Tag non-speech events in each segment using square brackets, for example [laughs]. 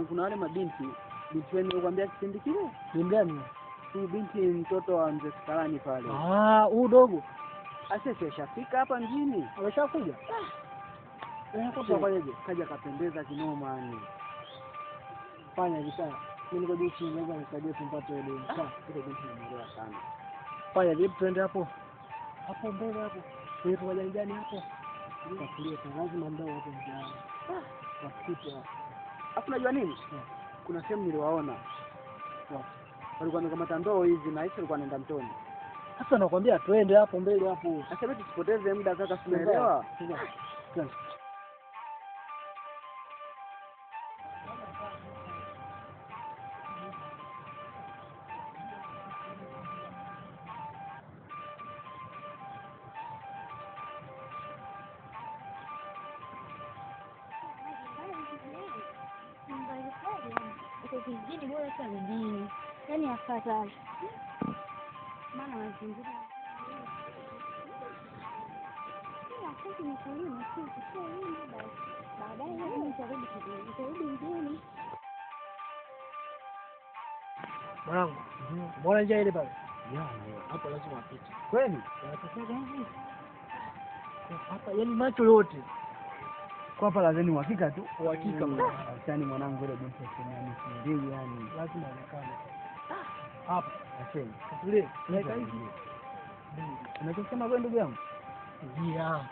Instagram kuna wale mabinti binti wenu nilikwambia kipindi kile. Ni mgani? Huyu binti mtoto wa mzee Skalani pale. Ah, huu dogo. Asese ashafika hapa mjini. Ameshakuja? Ah. Eh, kwa sababu yeye Kaja kapendeza kinoma yani. Fanya hivi Mimi niko juu naweza nisaidie tumpate elimu. Sasa ile binti ah. nimeelewa sana. Fanya vipi twende hapo? Hapo mbele hapo. Ni kwa jani hapo? Kakulia lazima ndao hapo mjana. Ah, kakuta. Afu unajua nini? Kuna sehemu niliwaona. Walikuwa wamekamata ndoo hizi na hizo walikuwa mtoni. Sasa nakwambia twende hapo mbele hapo. Sasa wewe tusipoteze muda kaka, tunaelewa. uko kijijini bora hata mjini, yaani afadhali, maana mazingira sisi ni kulima, si tukishalima basi baadaye nitarudi kijijini, nitarudi mjini. Mwanangu, mhm, mbona njia ile pale? Hapo lazima apite. Kweli? Hapa yani macho yote kwa hapa lazima ni uhakika tu, uhakika mwanangu, mwanangu ile binti asemani ndio, yani lazima aonekane ah! hapa. Acheni ile naika hivi, unachosema wewe ndugu yangu, yeah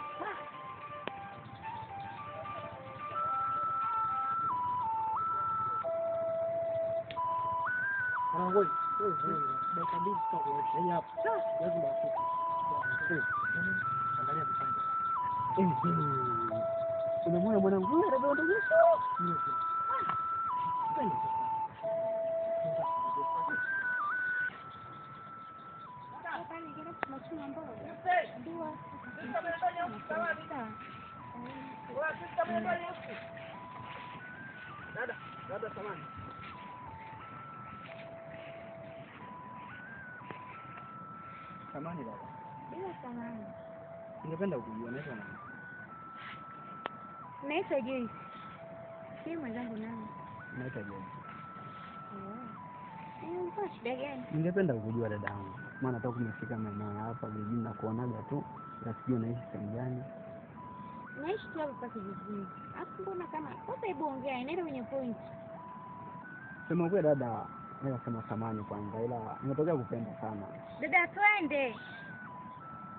mwanangu, dakika wodę wziąć? Nie wiem. Dada, dada samani. Samani dada. Bila samani. Ningependa kujua naitwa nani? Naitwa Joyce. Si mwenzangu nani? Naitwa Joyce. Oh. Eh, ulikuwa shida gani? Ningependa maana toka umefika maeneo ya hapa vijijini na kuonaga tu, na sijui unaishi sehemu gani. Naishi tu hapa kijijini. Alafu mbona kama sasa, hebu ongea, inaenda kwenye point. Sema kweli dada, naweza sema samani kwanza, ila nimetokea kupenda sana. Dada twende.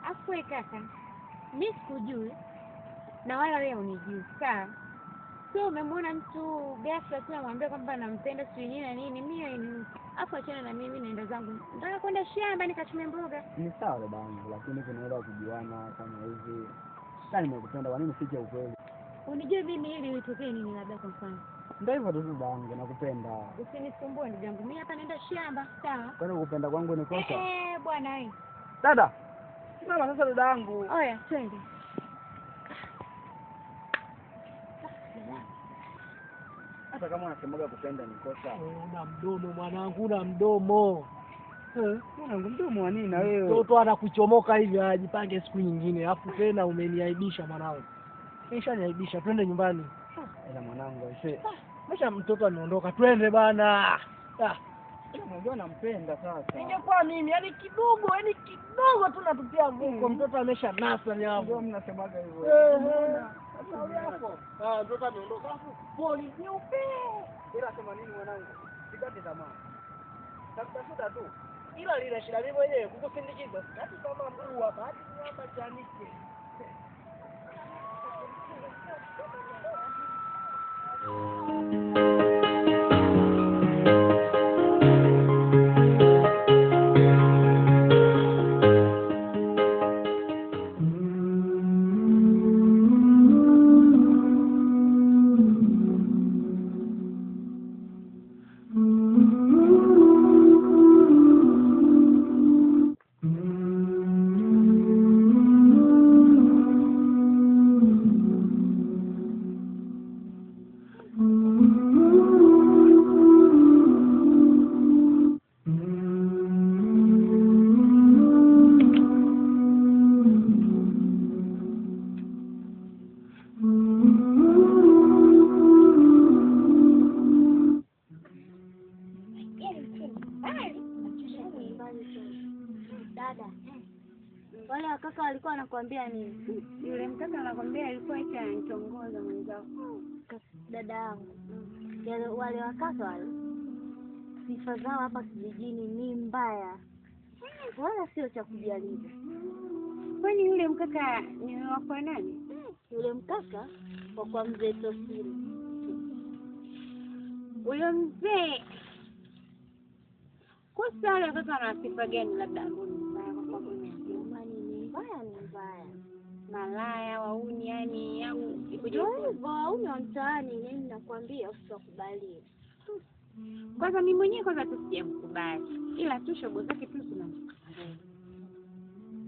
Afu kaka, mimi sikujui na wala wewe unijui sawa. sio umemwona mtu ghafla tu namwambia kwamba nampenda sijui nini na nini, mimi afu achana na mimi, naenda zangu, nataka kwenda shamba nikachume mboga. Ni sawa baba yangu, lakini tunaweza kujuana kama hivi sasa nimekupenda, kwa nini sije ukweli? Unijue mimi ili nitokee nini, labda kwa mfano ndio hivyo tu baba yangu, nakupenda. Usinisumbue ndugu yangu, mimi hapa naenda shamba sawa. Kwani kupenda kwangu ni kosa? Eh bwana, eh. dada mama, sasa dada yangu, oya twende. hata kama unasemaga kupenda ni kosa. Eh, una mdomo mwanangu, una mdomo eh, mwanangu, mdomo wa nini? Na wewe mtoto anakuchomoka hivi, ajipange siku nyingine. Alafu tena umeniaibisha mwanangu, ishaniaibisha. Twende nyumbani. Ah, ila mwanangu, ah, aise, mesha mtoto ameondoka, twende bana. Unajua ah. nampenda sasa. Ningekuwa mimi, yani kidogo, yani kidogo tu natupia vuko, mm-hmm. mtoto amesha nasa nyavu. Mnasemaga hivyo. Shauri yako. Ah, ndio ameondoka. Poli nyeupe. Ila sema nini mwanangu? Sikate tamaa. Takutafuta tu. Ila lina shida mimi mwenyewe kukusindikiza. Kati kama mkuu hapa, hadi hapa chanike. alikuwa anakuambia nini? Mm-hmm. Yule mkaka anakwambia alikuwa eti anitongoza mwenzako, dada yangu. Yaani wale wakaka wale sifa zao hapa kijijini ni mbaya, wala sio cha kujaliza. Kwani yule mkaka ni wako nani? Yule mkaka wa kwa mzee Tosiri. Huyo mzee kusa, wale wakaka ana sifa gani? labda malaya wauni, yani au ikuja wauni wa mtaani, yani nakwambia usiwakubalie. Kwanza mimi mwenyewe kwanza tu sijamkubali, ila tu shogo zake tu zinamkubali.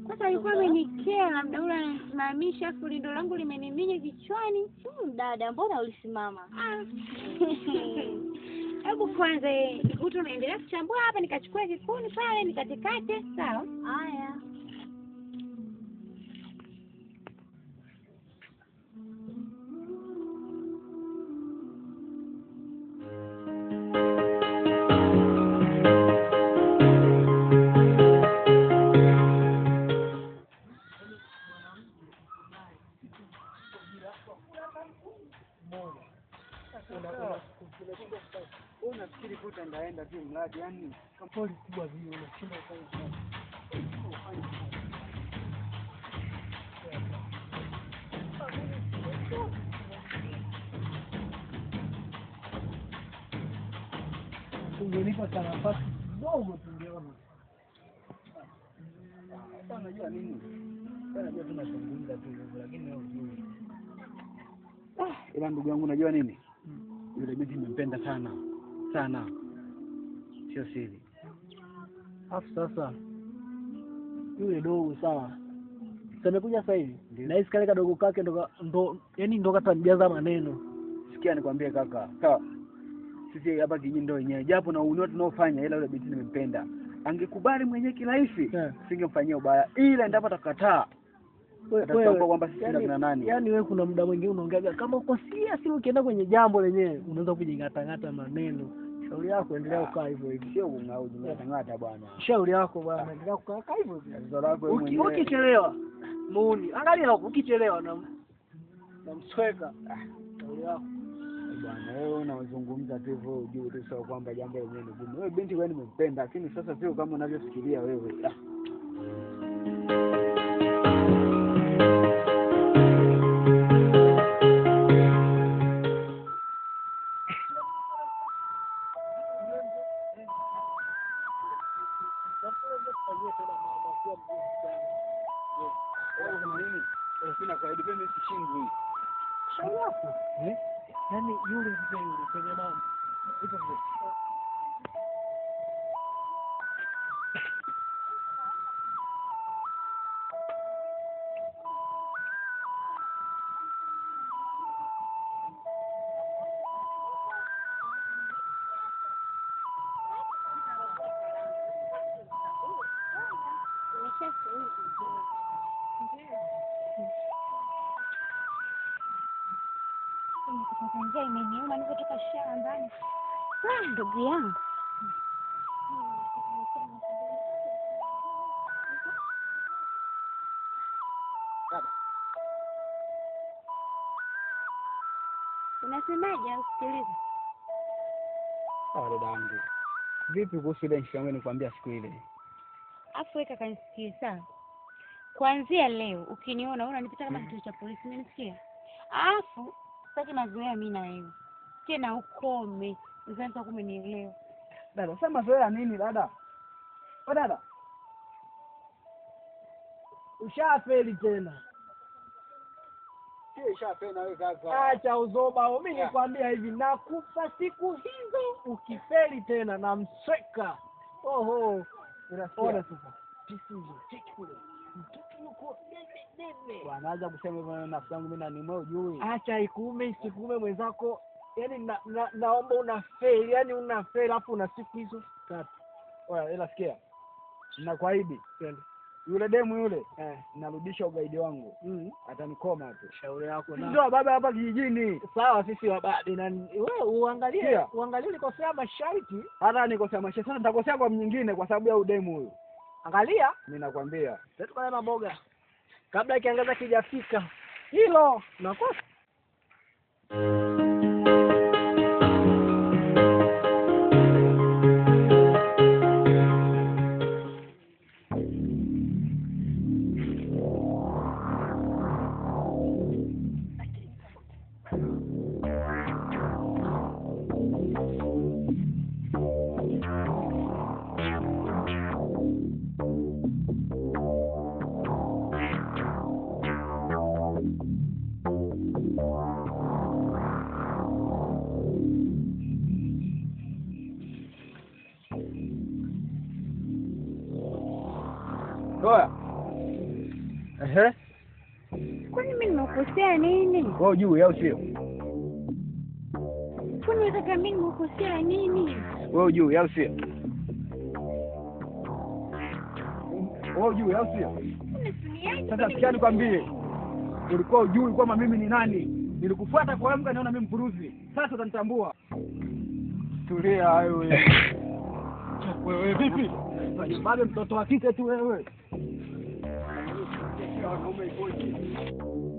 Sasa alikuwa amenikera labda ule anasimamisha, afu lindo langu limeniminya kichwani. Hmm, dada, mbona ulisimama? Ah. [laughs] Hebu kwanza ikuta eh, unaendelea kuchambua hapa, nikachukua kikuni pale nikatikate. Sawa, haya Ah. unafikiri tu utaendaenda tu mradi yani kampoli kubwa vile unashinda nafasi kidogo tungeona unajua nini najua tunazungumza tu lakini ah, ila ndugu yangu unajua nini yule binti nimempenda sana sana, sio siri. Afu sasa yule dogo sawa, samekuja sasa hivi hisi kale kadogo kake ndo, ndo yani ndo katamjaza maneno. Sikia nikwambie kaka, sawa sisi hapa kijijini ndo wenyewe, japo na unio tunaofanya, ila yule binti nimempenda. Angekubali mwenyewe kirahisi, yeah. singemfanyia ubaya, ila endapo atakataa kwamba sisi yani, wewe kuna muda mwingine unaongeaga kama uko serious, ukienda kwenye jambo lenyewe unaweza kujing'atang'ata maneno. Shauri yako endelea kukaa hivyo hivyo, sio ungao jing'atang'ata bwana. Shauri yako bwana, endelea kukaa hivyo hivyo. Ukichelewa muuni, angalia huko ukichelewa na na msweka. Shauri yako bwana, wewe unazungumza tu hivyo juu tu sio kwamba jambo lenyewe ni gumu. Wewe binti wewe nimempenda, lakini sasa sio kama unavyofikiria wewe. njia imeniuma, niko toka shambani. Ndugu yangu unasemaje? Usikilize ah, dadangu, vipi kuhusu ile nchi yangu siku ile? Afu weka kanisikie sawa. Kuanzia leo ukiniona unanipita kama kituo cha polisi, umenisikia? Alafu Sitaki mazoea mimi na wewe. Tena ukome. Nadhani kumenielewa Dada, sasa mazoea nini dada? Kwa oh, dada. Ushafeli tena. Acha uzoba wewe. Mimi nikwambia hivi nakufa siku hizo ukifeli tena namsweka. Oho. Unasikia sasa. Pisi hizo. Mtoto yuko Wanaanza kusema hivyo, nafsi yangu mimi nanimwe, ujui, acha ikume isikume mwenzako. Yani na, na, naomba una fail, yani una fail hapo, una siku hizo tatu. Oya, ila sikia, nakuahidi yule demu yule eh, narudisha ugaidi wangu mm. Atanikoma tu. Shauri yako na ndio baba hapa kijijini. Sawa, sisi wababe na wewe uangalie Uangalie ulikosea masharti, hata nikosea masharti sana nitakosea kwa mnyingine, kwa sababu ya udemu huyu. Angalia, mimi nakwambia, tutukana maboga kabla kiangaza kijafika hilo nakosa Ehe, kwani mimi nimekukosea nini? Kwa juu au sio? Kwani kaka, mimi nimekukosea nini? Wewe juu au sio? Wewe juu au sio? Sasa sikia, nikwambie, ulikuwa ujui kwamba mimi ni nani? Nilikufuata kwa amka, naona mimi mpuruzi. Sasa utanitambua. Tulia wewe. Wewe vipi? Bado mtoto wa kike tu wewe. 啊，都没过去。